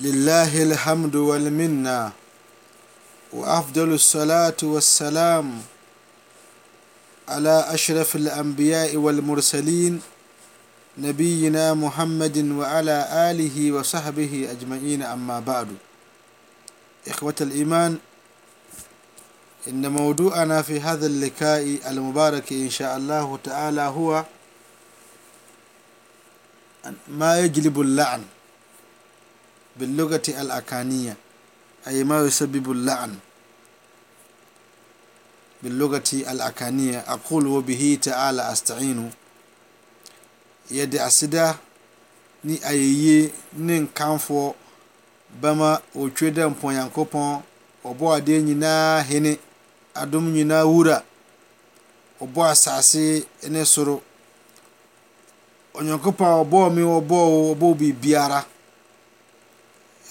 لله الحمد والمنة وأفضل الصلاة والسلام على أشرف الأنبياء والمرسلين نبينا محمد وعلى آله وصحبه أجمعين أما بعد إخوة الإيمان إن موضوعنا في هذا اللقاء المبارك إن شاء الله تعالى هو ما يجلب اللعن bilugati alakania ayema we sabibulaan biluati alakania aqol wa bihi taala astainu yede asida ni ayee ninkanfɔ bama u twe dan puanyakɔpaa u bɔɔ a dee nyinaa hini adumnyinaa wura fu bɔ asaase ne suru u nyak pa wa bɔɔ me wa bɔɔ w wu boɔbiibiara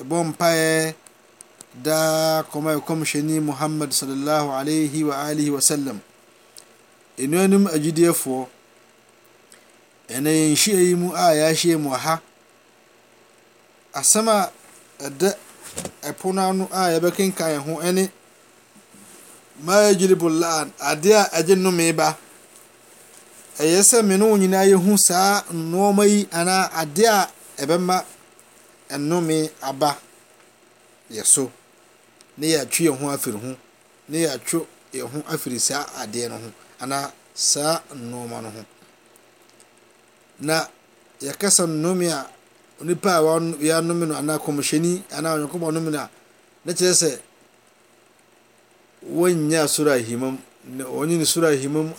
ɔbɔmpaɛ daa kɔma cɔmehɛni mohamad sallah al wali wasalam ɛnuanom agyidie foɔ ɛna yɛnhyeayimu a yaahyi muaha asɛm a ɛdɛ ponano a yɛbɛkenkan ɛho ane maɛgere bulaan adeɛ a ɛgenomee ba ɛyɛ sɛ me no o nyinaa yɛhu saa nnoɔma yi anaa adeɛ a ɛbɛma ɛnome aba yɛ so ne yɛ atwe yɛ ho afiri ho ne yɛ atwo yɛ ho afiri saa adeɛ no ho anaa saa nnɔɔma no ho na yɛkasa nnome a nipaa yɛ nome no ana komishɛni ana onyankobɔ anome no a na kyerɛ sɛ wonnya sora ahimm ɔnyine sora ahimam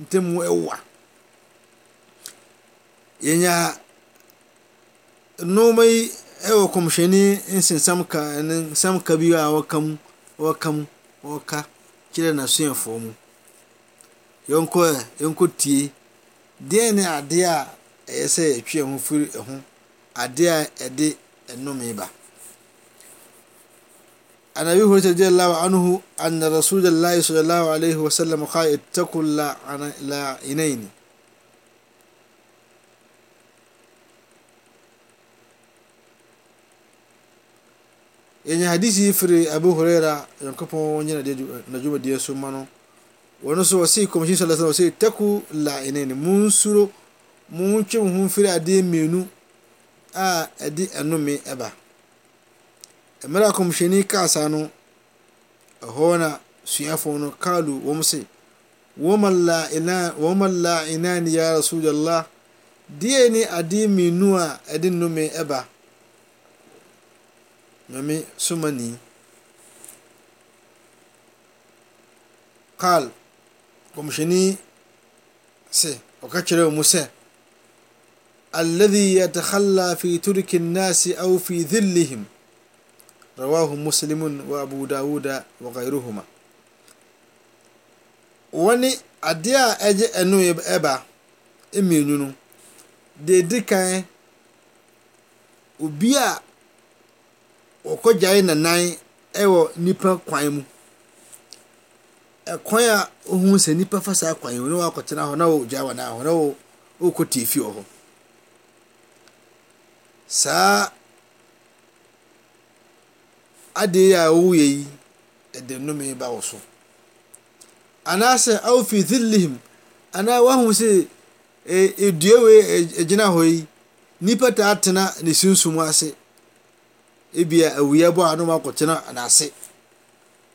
ntamu ɛwa yɛya noma yi ewa kumshani insin samka nin samka biyu a wakam wakam waka kira na suyan fomu yonko yonko tiye diya ni a diya a yasa sai ya fiye mu furi ihu a diya ya di ennoma yi ba a nabi hulita diya lawa anuhu an da rasu da lahi su da lawa alaihi wasallam kai ittakun la inaini yɛnya hadisi yi firi abu huraira nyankopɔn nyɛ n'adwumadiɛ so ma no wɔno nso wɔsei kɔmhyini sɛ lɛsɛ wɔsei taku lainani monsuro montwe mo ho mfiri adeɛ mmienu a ɛde ɛnome ɛba mmerɛ a kɔmhyɛni kaa no ɛhɔ na suafoɔ no kalu wɔn se wɔma lainani ya rasulallah deɛ ne adeɛ mmienu a ɛde nnome ɛba nommé Soumani. قال قمشني سي وكتشرو موسى الذي يتخلى في ترك الناس أو في ذلهم رواه مسلم وأبو داود وغيرهما wani adeɛ a ɛgye ɛno ɛba mmienu no deɛ edi kan obi a wɔkɔgyae nanan wɔ nipa kwan mu kwan a ohun sɛ nipa fa saa kwan mu na wakɔtena hɔ na wɔgyae wɔn ahɔ na wɔkɔ tiefi wɔ hɔ saa adeɛ a wɔwuyɛ yi ɛde nnome ba wɔ so anaasɛ awo fi dhillihim anaa wahu sɛ e, edua wei e, egyina hɔ yi nipa taa tena ne sunsum ase. ebia awia bɔ a na wakɔtena n'ase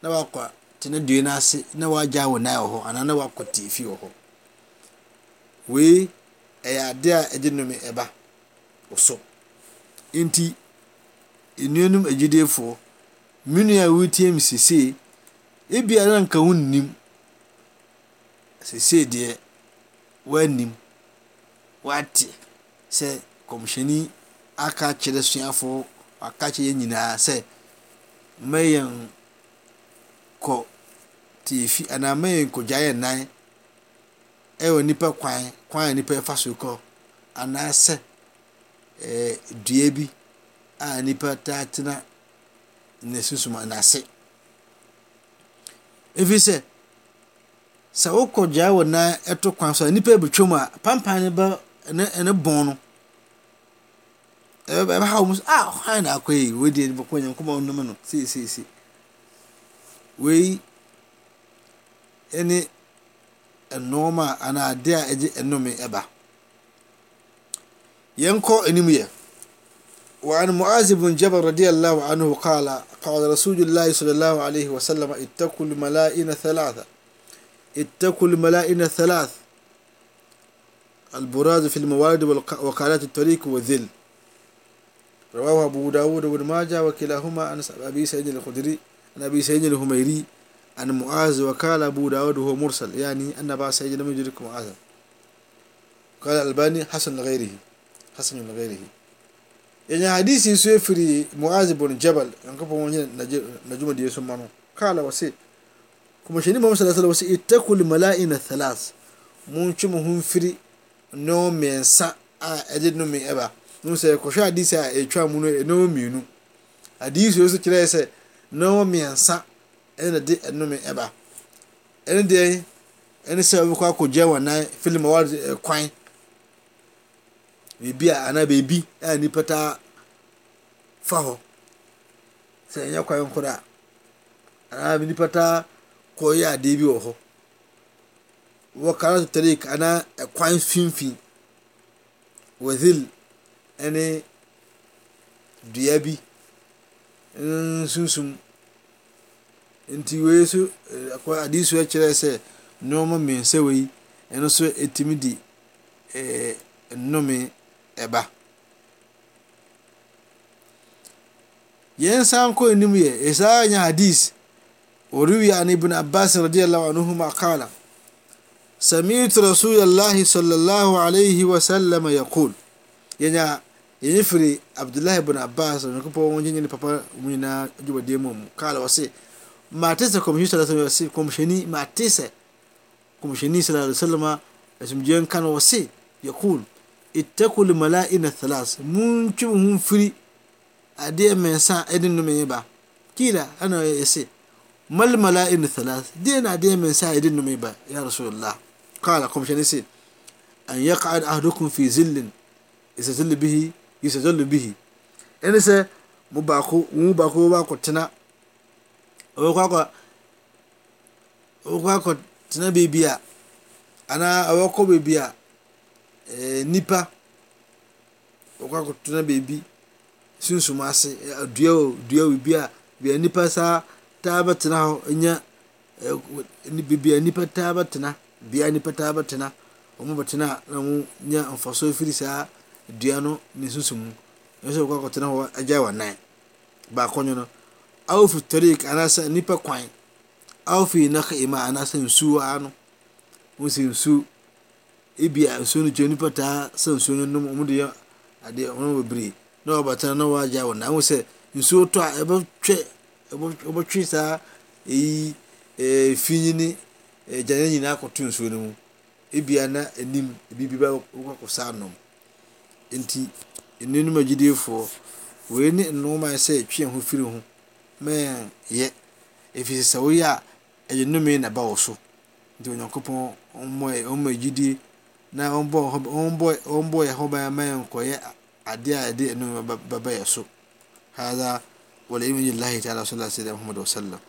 na wakɔ tena dua n'ase na wagya wɔ nan wɔ hɔ anaa na wakɔ te fi wɔ hɔ wei ɛyɛ ade a ɛde nnome ɛba wɔso nti nnuanom agyidefoɔ menua a wotie mu sesee ebia na nka ho nnim sesee deɛ wɔanim wɔate sɛ kɔmhyɛni aka kyerɛ suafoɔ a kye yɛn nyinaa sɛ ma yɛn kɔ tiefi anaa ma yɛn gya yɛn nan ɛwɔ nipa kwan kwan a nipa fa so kɔ anaa sɛ ɛɛ eh, dua bi a nipa taa tena ne susuma n'ase efi sɛ sɛ wokɔ gya wɔ nan ɛto kwan so a nipa ebetwa mu a pampan ne ba ne ne bɔn no. ɛbɛ ha wɔn a hwan na akɔ yi wei deɛ bɔkɔ nyankoma ɔnum no siesie wei ɛne nneɛma anaa adeɛ a ɛgye nnome ɛba yɛnkɔ anim yɛ وعن معاذ بن جبل رضي الله عنه قال قال رسول الله صلى الله عليه وسلم اتقوا الملائين ثلاثة اتقوا الملائين ثلاث البراز في الموارد وقالات الطريق والذل رواه أبو داود وابن ماجه وكلاهما عن أبي سعيد الخدري عن أبي سعيد الهميري عن معاذ وقال أبو داود هو مرسل يعني أن أبا سعيد لم يدرك معاذ قال الألباني حسن لغيره حسن لغيره يعني حديث سيفري معاذ بن جبل ينقف يعني من نجوم دي سمانو قال وسي كما شنو محمد صلى الله عليه وسلم اتقوا الملائين الثلاث mun ci mu hunfiri no mensa a edin no me eba no sɛ kɔhwɛ adi sɛ a ɛtwa mu no ɛnɔɔ mmienu adi nsuo nso kyerɛ sɛ nɔɔ mmiɛnsa ɛna de ɛnome ɛba ɛne deɛ ɛne sɛ ɔbɛkɔ akɔgya wɔn nan filim a eh, wɔde ɛkwan beebi a anaa beebi a nipa taa fa hɔ sɛ ɛnyɛ kwan koraa anaa nipa taa kɔɔyɛ adeɛ bi wɔ hɔ wɔ kara totalik anaa ɛkwan finfin wɔ zil ɛne duabi sus tiweadisewe eh, krɛ sɛ nɔma mensɛwei ɛnes timi di eh, nume ɛba yɛn sankɔnim yɛ ɛsayanya hadise ore w an ibne abas radilahu anhuma kala sametu rasul llahi sal lah alaii wasalama yakol firi abdullahi bin abbas onyankopɔn wɔngyenya ne papa mu nyinaa dwumadeɛ mu mu kala wɔ se mate sɛ kɔmhyɛni sala sɛm se kɔmhyɛni mate sɛ kɔmhyɛni sala alai salama asomdwoeɛ nka no wɔ se yakul ittaku lmalaina thalas montwe mo ho mfiri adeɛ mmiɛnsa ɛde nnome ba kila ana yɛse mal malaina thalas deɛ na adeɛ mmiɛnsa ɛde nnome ba ya rasulillah kala kɔmhyɛni se an yaqad ahdukum fi zillin yastazillu bihi yusajjalu bihi ɛne sɛ mo baako mo mu baako bɛbɔ akɔtena ɔbɛkɔ akɔ ɔbɛkɔ akɔtena beebi a anaa ɔbɛkɔ beebi a ɛɛ eh, nipa ɔbɛkɔ akɔtena beebi sunsum ase eh, dua o dua o bi a bia nipa saa taa bɛtena hɔ nya bibia eh, nipa taa bɛtena bia nipa taa bɛtena wɔn bɛtena na wɔn nya mfasoɔ firi saa dua no ne susu mu ɛsɛ wɔkɔ akɔtena hɔ agya wɔ nan baako nyo no awofi tarik anaasɛ nipa kwan awofi naka ima anaasɛ nsuo ano wɔn si nsuo ebi a nsuo no twɛ nipa taa sɛ nsuo no nom wɔn de yɛ adeɛ wɔn bebree na wɔbɛtena na wɔagya wɔ nan wɔn sɛ nsuo tɔ a ɛbɛtwɛ ɛbɛtwe saa eyi ɛɛ eh, finyi ne ɛgyanya eh, nyinaa akɔto nsuo no mu ebi ana anim ebi bi ba wɔkɔ saa nom. nne nom gyidie foɔ wei ni nnoomaɛ sɛ tweɛ ho firi ho mayɛ yɛ ɛfirisɛ sɛ wo yi a nwunnomeina ba o so nti onyankopɔn ma gyidie na ɔbɔɛaykɔyɛ adeɛdnbɛbɛyɛ so ha waliylahi taala s s mahammad wasalm